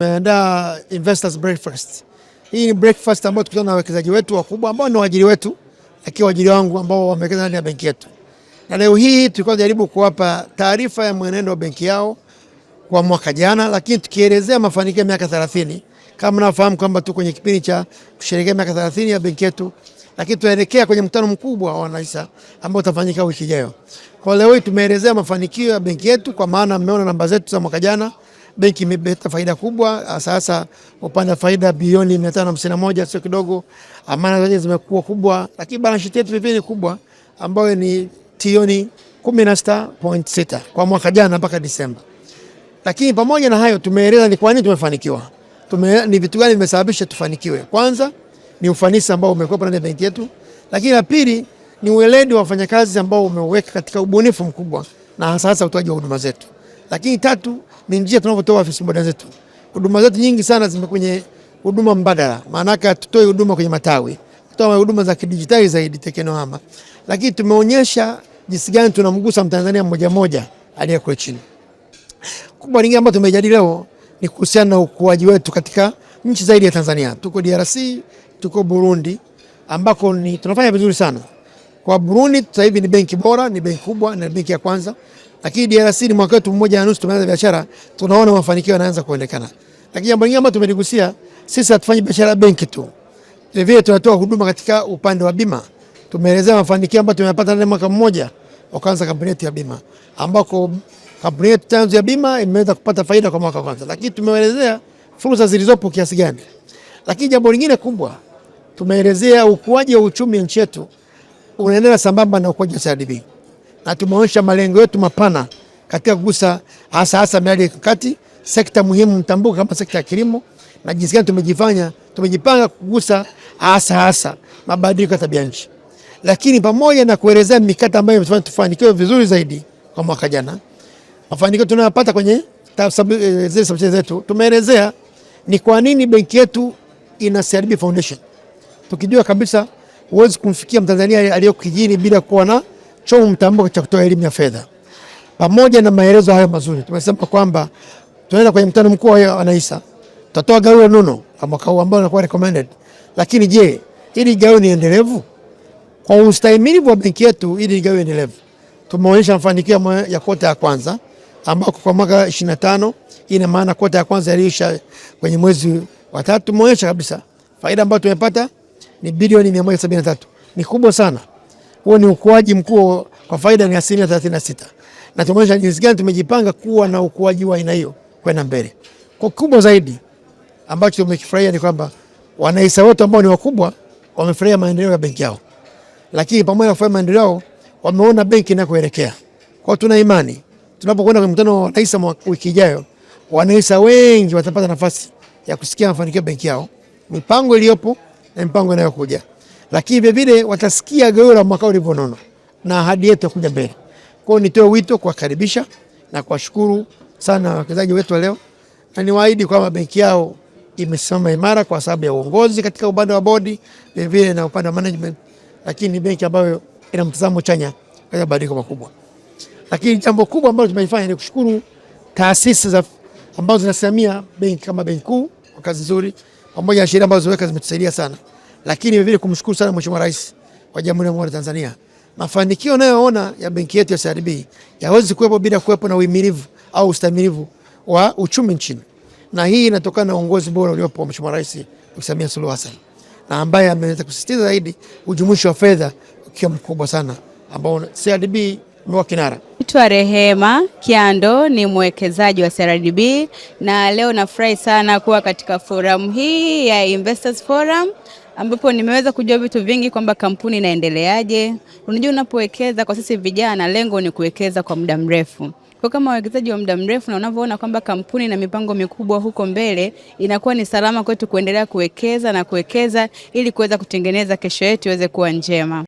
Tumeandaa investors breakfast. Hii ni breakfast ambayo tukutana na wawekezaji wetu wakubwa ambao ni waajiri wetu, lakini waajiri wangu ambao wamewekeza ndani ya benki yetu. Na leo hii tulikuwa tunajaribu kuwapa taarifa ya mwenendo wa benki yao kwa mwaka jana, lakini tukielezea mafanikio ya miaka 30. Kama mnafahamu kwamba tuko kwenye kipindi cha kusherehekea miaka 30 ya benki yetu, lakini tunaelekea kwenye mkutano mkubwa wa wanahisa ambao utafanyika wiki ijayo. Kwa leo hii tumeelezea mafanikio ya benki yetu, kwa maana mmeona namba zetu za mwaka jana benki imepata faida kubwa. Ah, sasa upande wa faida bilioni 551 sio kidogo, amana zote zimekuwa kubwa, lakini balance sheet yetu pia ni kubwa ambayo ni trilioni 16.6 kwa mwaka jana mpaka Disemba. Lakini pamoja na hayo, tumeeleza ni kwa nini tumefanikiwa, tume, ni vitu gani vimesababisha tufanikiwe. Kwanza ni ufanisi ambao umekuwa ndani ya benki yetu, lakini la pili ni ueledi wa wafanyakazi ambao umeweka katika ubunifu mkubwa na hasa hasa utoaji wa huduma zetu. Lakini tatu ni njia tunavyotoa afisa boda zetu. Huduma zetu nyingi sana zime kwenye huduma mbadala, maana yake tutoe huduma kwenye matawi, tutoa huduma za kidijitali zaidi teknohama. Lakini tumeonyesha jinsi gani tunamgusa Mtanzania mmoja mmoja aliyeko chini. Kubwa lingine ambayo tumejadili leo ni kuhusiana na ukuaji wetu katika nchi zaidi ya Tanzania. Tuko DRC, tuko Burundi ambako ni tunafanya vizuri sana. Kwa Burundi sasa hivi ni benki bora, ni benki kubwa na benki ya kwanza. Lakini DRC ni mwaka wetu mmoja na nusu tumeanza biashara, tunaona mafanikio yanaanza kuonekana. Lakini jambo lingine ambalo tumeligusia, sisi hatufanyi biashara benki tu. Vile tunatoa huduma katika upande wa bima. Tumeelezea mafanikio ambayo tumepata ndani mwaka mmoja wa kwanza kampuni yetu ya bima ambako kampuni yetu tanzu ya bima imeweza kupata faida kwa mwaka kwanza, lakini tumeelezea fursa zilizopo kiasi gani. Lakini jambo lingine kubwa tumeelezea ukuaji wa uchumi nchi yetu unaendelea sambamba na ukuaji wa CRDB, na tumeonyesha malengo yetu mapana katika kugusa hasa hasa miradi ya kati, sekta muhimu mtambuka kama sekta ya kilimo, na jinsi gani tumejifanya tumejipanga kugusa hasa hasa mabadiliko ya tabia nchi. Lakini pamoja na kuelezea mikata ambayo imetufanya tufanikiwe vizuri zaidi kwa mwaka jana, mafanikio tunayopata kwenye eh, zile subsidiary zetu, tumeelezea ni kwa nini benki yetu ina CRDB Foundation, tukijua kabisa huwezi kumfikia Mtanzania aliyo kijini bila kuwa na chombo mtambuka cha kutoa elimu ya fedha. Pamoja na maelezo hayo mazuri, tumesema kwamba tunaenda kwenye mkutano mkuu wa Anaisa, tutatoa gawio la nono kwa mwaka huu ambao unakuwa recommended. Lakini je, ili gawio ni endelevu kwa ustahimilivu wa benki yetu? Ili gawio endelevu, tumeonyesha mafanikio ya kota ya kwanza ambako kwa mwaka 25 hii ina maana kota ya kwanza iliisha kwenye mwezi wa tatu, tumeonyesha kabisa faida ambayo tumepata ni bilioni 173, ni kubwa sana. Huo ni ukuaji mkuu kwa faida ni asilimia 36, na tumeonyesha jinsi gani tumejipanga kuwa na ukuaji wa aina hiyo kwenda mbele. Kwa kubwa zaidi ambacho tumekifurahia ni kwamba wanahisa wote ambao ni wakubwa wamefurahia maendeleo ya benki yao, lakini pamoja na kufurahia maendeleo yao wameona benki inakoelekea. Kwa tuna imani tunapokwenda kwenye mkutano wa wanahisa wiki ijayo, wanahisa wengi watapata nafasi ya kusikia mafanikio ya benki yao, mipango iliyopo na eh, mipango inayokuja, lakini vile vile watasikia gawio la mwaka ulivyonona na ahadi yetu ya kuja mbele. Kwa hiyo nitoe wito kuwakaribisha na kuwashukuru sana wawekezaji wetu wa leo, na niwaahidi kwamba benki yao imesimama imara kwa sababu ya uongozi katika upande wa bodi, vile vile na upande wa management, lakini ni benki ambayo ina mtazamo chanya katika mabadiliko makubwa. Lakini jambo kubwa ambalo tumeifanya ni kushukuru taasisi za ambazo zinasimamia benki kama Benki Kuu kwa kazi nzuri pamoja na sheria ambazo zimeweka zimetusaidia sana, lakini vile kumshukuru sana Mheshimiwa Rais wa Jamhuri ya Muungano wa Tanzania. Mafanikio unayoona ya benki yetu ya CRDB yawezi kuwepo bila kuwepo na uhimilivu au ustamilivu wa uchumi nchini, na hii inatokana na uongozi bora uliopo wa Mheshimiwa Rais Samia Suluhu Hassan, na ambaye ameweza kusisitiza zaidi ujumuishi wa fedha ukiwa mkubwa sana, ambao CRDB imekuwa kinara. Naitwa Rehema Kyando, ni mwekezaji wa CRDB na leo nafurahi sana kuwa katika forum hii ya Investors Forum ambapo nimeweza kujua vitu vingi kwamba kampuni inaendeleaje. Unajua, unapowekeza kwa sisi vijana, lengo ni kuwekeza kwa muda mrefu kwa kama wawekezaji wa muda mrefu na unavyoona kwamba kampuni na mipango mikubwa huko mbele, inakuwa ni salama kwetu kuendelea kuwekeza na kuwekeza ili kuweza kutengeneza kesho yetu iweze kuwa njema.